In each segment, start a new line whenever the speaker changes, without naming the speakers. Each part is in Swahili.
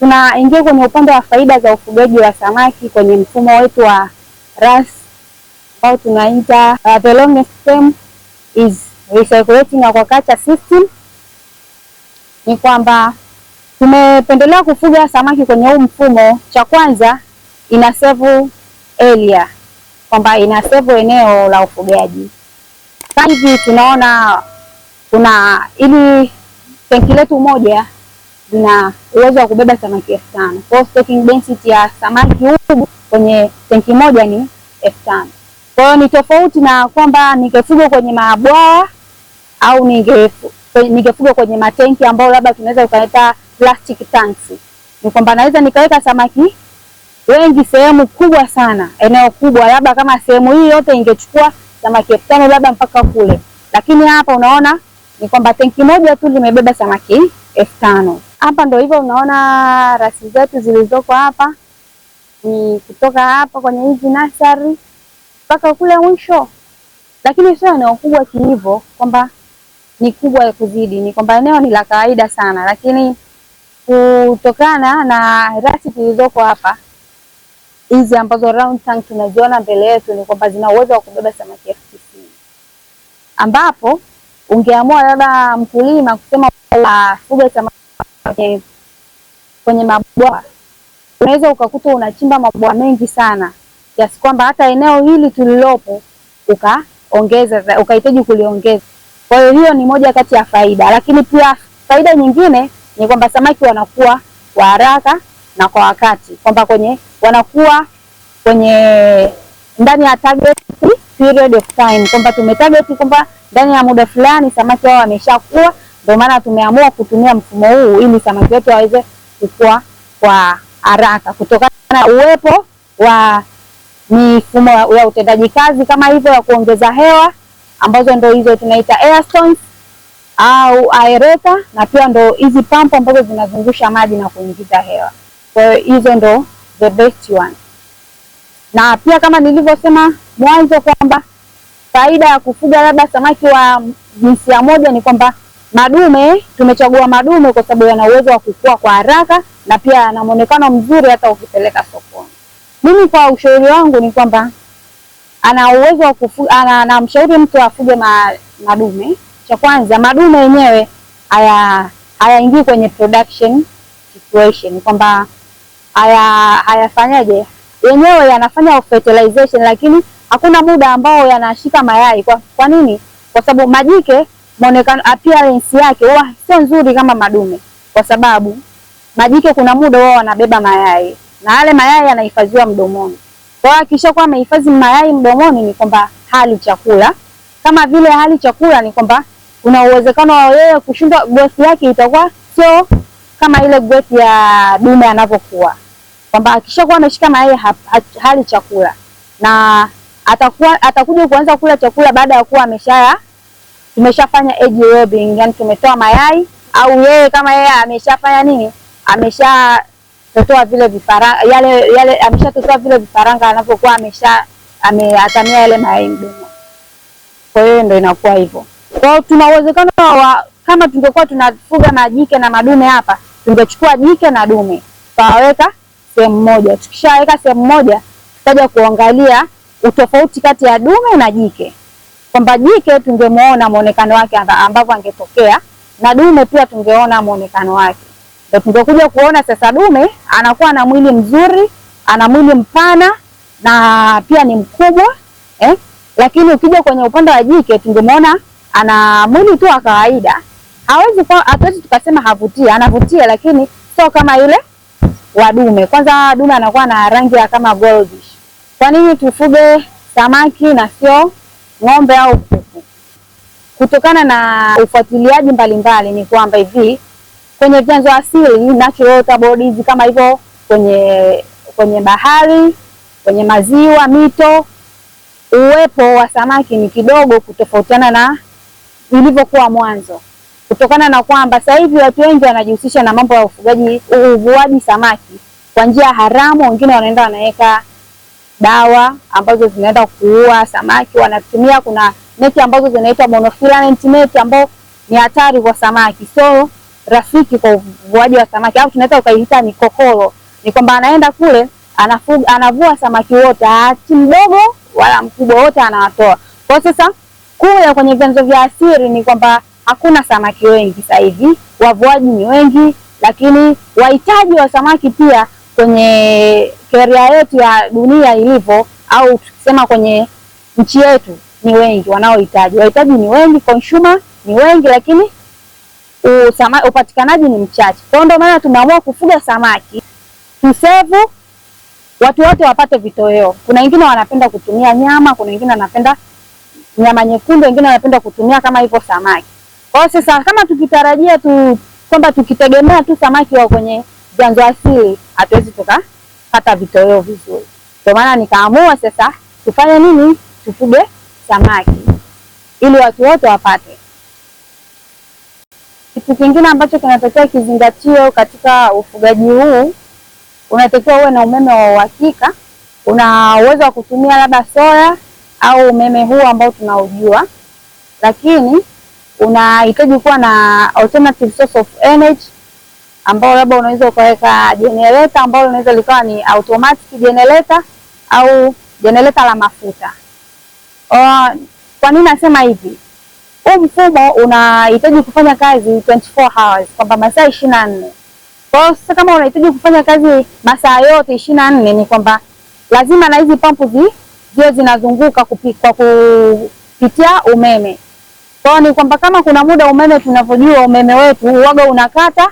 tunaingia kwenye upande wa faida za ufugaji wa samaki kwenye mfumo wetu wa RAS ambao tunaita uh, the longest term is recirculating aquaculture system. Ni kwamba tumependelea kufuga samaki kwenye huu mfumo, cha kwanza ina save area, kwamba ina save eneo la ufugaji. Sasa hivi tunaona kuna ili tenki letu moja zina uwezo wa kubeba samaki elfu tano. Kwa hiyo stocking density ya samaki huu kwenye tenki moja ni elfu tano. Kwa hiyo ni tofauti na kwamba ningefuga kwenye mabwawa au ningefuga kwenye matenki ambayo labda tunaweza ukaleta plastic tanks. Ni kwamba naweza nikaweka samaki wengi sehemu kubwa sana, eneo kubwa, labda kama sehemu hii yote ingechukua samaki elfu tano labda mpaka kule, lakini hapa unaona ni kwamba tenki moja tu limebeba samaki elfu tano. Hapa ndo hivyo, unaona rasi zetu zilizoko hapa ni kutoka hapa kwenye hizi nasari mpaka kule mwisho, lakini sio eneo kubwa kilivyo kwamba ni kubwa ya kuzidi, ni kwamba eneo ni la kawaida sana, lakini kutokana na rasi zilizoko hapa hizi ambazo round tank tunaziona mbele yetu, ni kwamba zina uwezo wa kubeba samaki elfu tisini ambapo ungeamua labda mkulima kusema fuga samaki kwenye, kwenye mabwawa unaweza ukakuta unachimba mabwawa mengi sana kiasi kwamba hata eneo hili tulilopo ukaongeza ukahitaji kuliongeza. Kwa hiyo hiyo ni moja kati ya faida, lakini pia faida nyingine ni kwamba samaki wanakuwa kwa haraka na kwa wakati, kwamba kwenye wanakuwa kwenye ndani ya target period of time, kwamba tumetarget kwamba ndani ya muda fulani samaki wao wameshakuwa ndio maana tumeamua kutumia mfumo huu ili samaki wetu waweze kukua kwa haraka kutokana na uwepo wa mifumo ya utendaji kazi kama hivyo ya kuongeza hewa ambazo ndo hizo tunaita airstones au aereta, na pia ndo hizi pampu ambazo zinazungusha maji na kuingiza hewa. Kwa hiyo hizo ndo the best one, na pia kama nilivyosema mwanzo kwamba faida ya kufuga labda samaki wa jinsia moja ni kwamba Madume tumechagua madume kwa sababu yana uwezo wa kukua kwa haraka na pia yana muonekano mzuri hata ukipeleka sokoni. Mimi kwa ushauri wangu ni kwamba ana uwezo wa kufu, anamshauri mtu afuge ma, madume. Cha kwanza madume yenyewe haya hayaingii kwenye production situation kwamba haya hayafanyaje, yenyewe yanafanya fertilization, lakini hakuna muda ambao yanashika mayai. Kwa, kwa nini? Kwa sababu majike muonekano appearance yake huwa sio nzuri kama madume, kwa sababu majike kuna muda wao wanabeba mayai na yale mayai yanahifadhiwa mdomoni. Kwa hiyo akishakuwa amehifadhi mayai mdomoni, ni kwamba hali chakula kama vile hali chakula, ni kwamba kuna uwezekano wa yeye kushindwa, growth yake itakuwa sio kama ile growth ya dume anavyokuwa, kwamba akishakuwa ameshika mayai ha, ha, hali chakula na atakuwa atakuja kuanza kula chakula baada ya kuwa ameshaya tumeshafanya egg webbing, yani tumetoa mayai au yeye kama yeye ameshafanya nini, totoa vile vifaranga yale yale, ameshatotoa vile vifaranga anapokuwa amesha ameatamia yale mayai mdomo. Kwa hiyo ndio inakuwa hivyo. Kwa hiyo tuna uwezekano wa kama tungekuwa tunafuga majike na madume hapa, tungechukua jike na dume tukaweka sehemu moja. Tukishaweka sehemu moja, tutaja kuangalia utofauti kati ya dume na jike kwamba jike tungemuona muonekano wake ambavyo angetokea na dume pia tungeona muonekano wake. Ndio tungekuja kuona sasa dume anakuwa na mwili mzuri, ana mwili mpana na pia ni mkubwa eh? Lakini ukija kwenye upande wa jike tungemuona ana mwili tu wa kawaida, hawezi kwa, hatuwezi tukasema havutia. Anavutia lakini sio kama ile wa dume. Kwanza dume anakuwa na rangi ya kama goldish. Kwa nini tufuge samaki na sio ng'ombe au kuku. Kutokana na ufuatiliaji mbalimbali, ni kwamba hivi kwenye vyanzo asili natural water bodies kama hivyo kwenye kwenye bahari, kwenye maziwa, mito, uwepo wa samaki ni kidogo kutofautiana na ilivyokuwa mwanzo, kutokana na kwamba sasa hivi watu wengi wanajihusisha na mambo ya ufugaji, uvuaji samaki kwa njia haramu, wengine wanaenda wanaweka dawa ambazo zinaenda kuua samaki wanatumia. Kuna neti ambazo zinaitwa monofilament net ambao ni hatari kwa samaki, so rafiki kwa uvuaji wa samaki, au tunaweza ukaiita mikokoro. Ni kwamba anaenda kule anafuga, anavua samaki wote, haachi mdogo wala mkubwa, wote anawatoa. Kwa sasa kule kwenye vyanzo vya asili ni kwamba hakuna samaki wengi sasa hivi, wavuaji ni wengi, lakini wahitaji wa samaki pia kwenye sheria yetu ya dunia ilivyo, au tukisema kwenye nchi yetu, ni wengi wanaohitaji, wahitaji ni wengi, consumer ni wengi, lakini usama, upatikanaji ni mchache. Kwa ndio maana tumeamua kufuga samaki tusevu, watu wote wapate vitoweo. Kuna wengine wanapenda kutumia nyama, kuna wengine wanapenda nyama nyekundu, wengine wanapenda kutumia kama hivyo samaki. Kwa hiyo sasa, kama tukitarajia tu kwamba tukitegemea tu samaki wa kwenye vyanzo asili, hatuwezi tuka kupata vitoweo vizuri. Kwa maana nikaamua sasa tufanye nini, tufuge samaki ili watu wote wapate. Kitu kingine ambacho kinatakiwa kizingatio katika ufugaji huu, unatakiwa uwe na umeme wa uhakika. Una uwezo wa kutumia labda soya au umeme huu ambao tunaujua, lakini unahitaji kuwa na alternative source of energy ambao labda unaweza ukaweka generator ambalo unaweza likawa ni automatic generator au generator la mafuta. Uh, kwa nini nasema hivi? Huu mfumo unahitaji kufanya kazi 24 hours, kwamba masaa 24. Kwa hiyo sasa kama unahitaji kufanya kazi masaa yote 24 ni kwamba lazima na hizi pampu zi zinazunguka kwa kupitia umeme. Kwa hiyo ni kwamba kama kuna muda umeme tunavyojua umeme wetu uoga unakata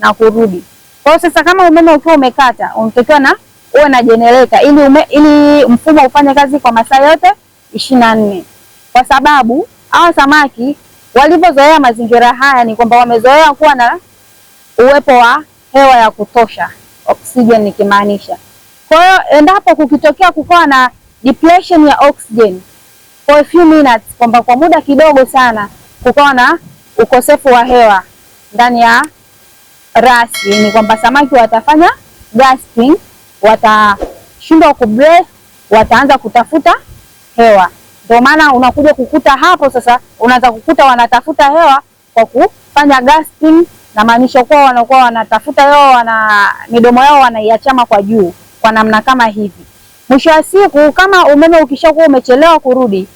na kurudi. Kwa hiyo sasa, kama umeme ukiwa umekata, unatakiwa na uwe na jenereta ili ume, ili mfumo ufanye kazi kwa masaa yote ishirini na nne kwa sababu hawa samaki walivyozoea mazingira haya ni kwamba wamezoea kuwa na uwepo wa hewa ya kutosha, oxygen nikimaanisha. Kwa hiyo endapo kukitokea kukawa na depletion ya oxygen for a few minutes, kwamba kwa muda kidogo sana kukawa na ukosefu wa hewa ndani ya rasi ni kwamba samaki watafanya gasping, watashindwa ku wataanza kutafuta hewa. Ndio maana unakuja kukuta hapo sasa, unaanza kukuta wanatafuta hewa kwa kufanya gasping, na maanisha kuwa wanakuwa wanatafuta hewa, wana midomo yao wanaiachama kwa juu kwa namna kama hivi. Mwisho wa siku, kama umeme ukishakuwa umechelewa kurudi,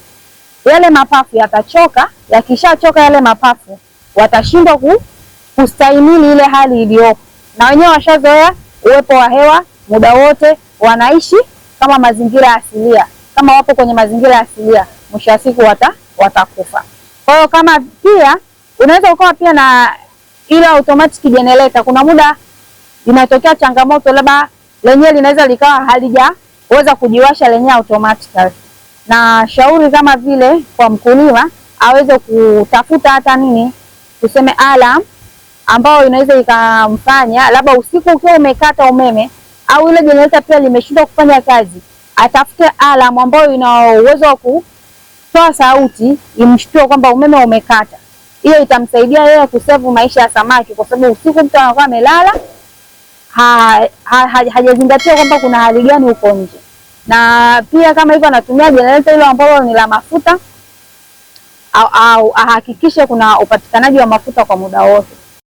yale mapafu yatachoka. Yakishachoka yale mapafu watashindwa ku kustahimili ile hali iliyopo, na wenyewe washazoea uwepo wa hewa muda wote, wanaishi kama mazingira asilia, kama wapo kwenye mazingira asilia, mwisho wa siku wata watakufa. Kwa hiyo kama pia unaweza ukawa pia na ile automatic generator, kuna muda inatokea changamoto, labda lenyewe linaweza likawa halijaweza kujiwasha lenyewe automatically, na shauri kama vile kwa mkulima aweze kutafuta hata nini tuseme alarm ambayo inaweza ikamfanya labda usiku ukiwa umekata umeme au ile jenereta pia limeshindwa kufanya kazi, atafute alamu ambayo ina uwezo wa kutoa sauti imshtue kwamba umeme umekata. Hiyo itamsaidia yeye kusevu maisha ya samaki, kwa sababu usiku mtu anakuwa amelala ha, ha, ha, hajazingatia kwamba kuna hali gani huko nje, na pia kama hivyo anatumia jenereta hilo ambalo ni la mafuta au ahakikishe kuna upatikanaji wa mafuta kwa muda wote.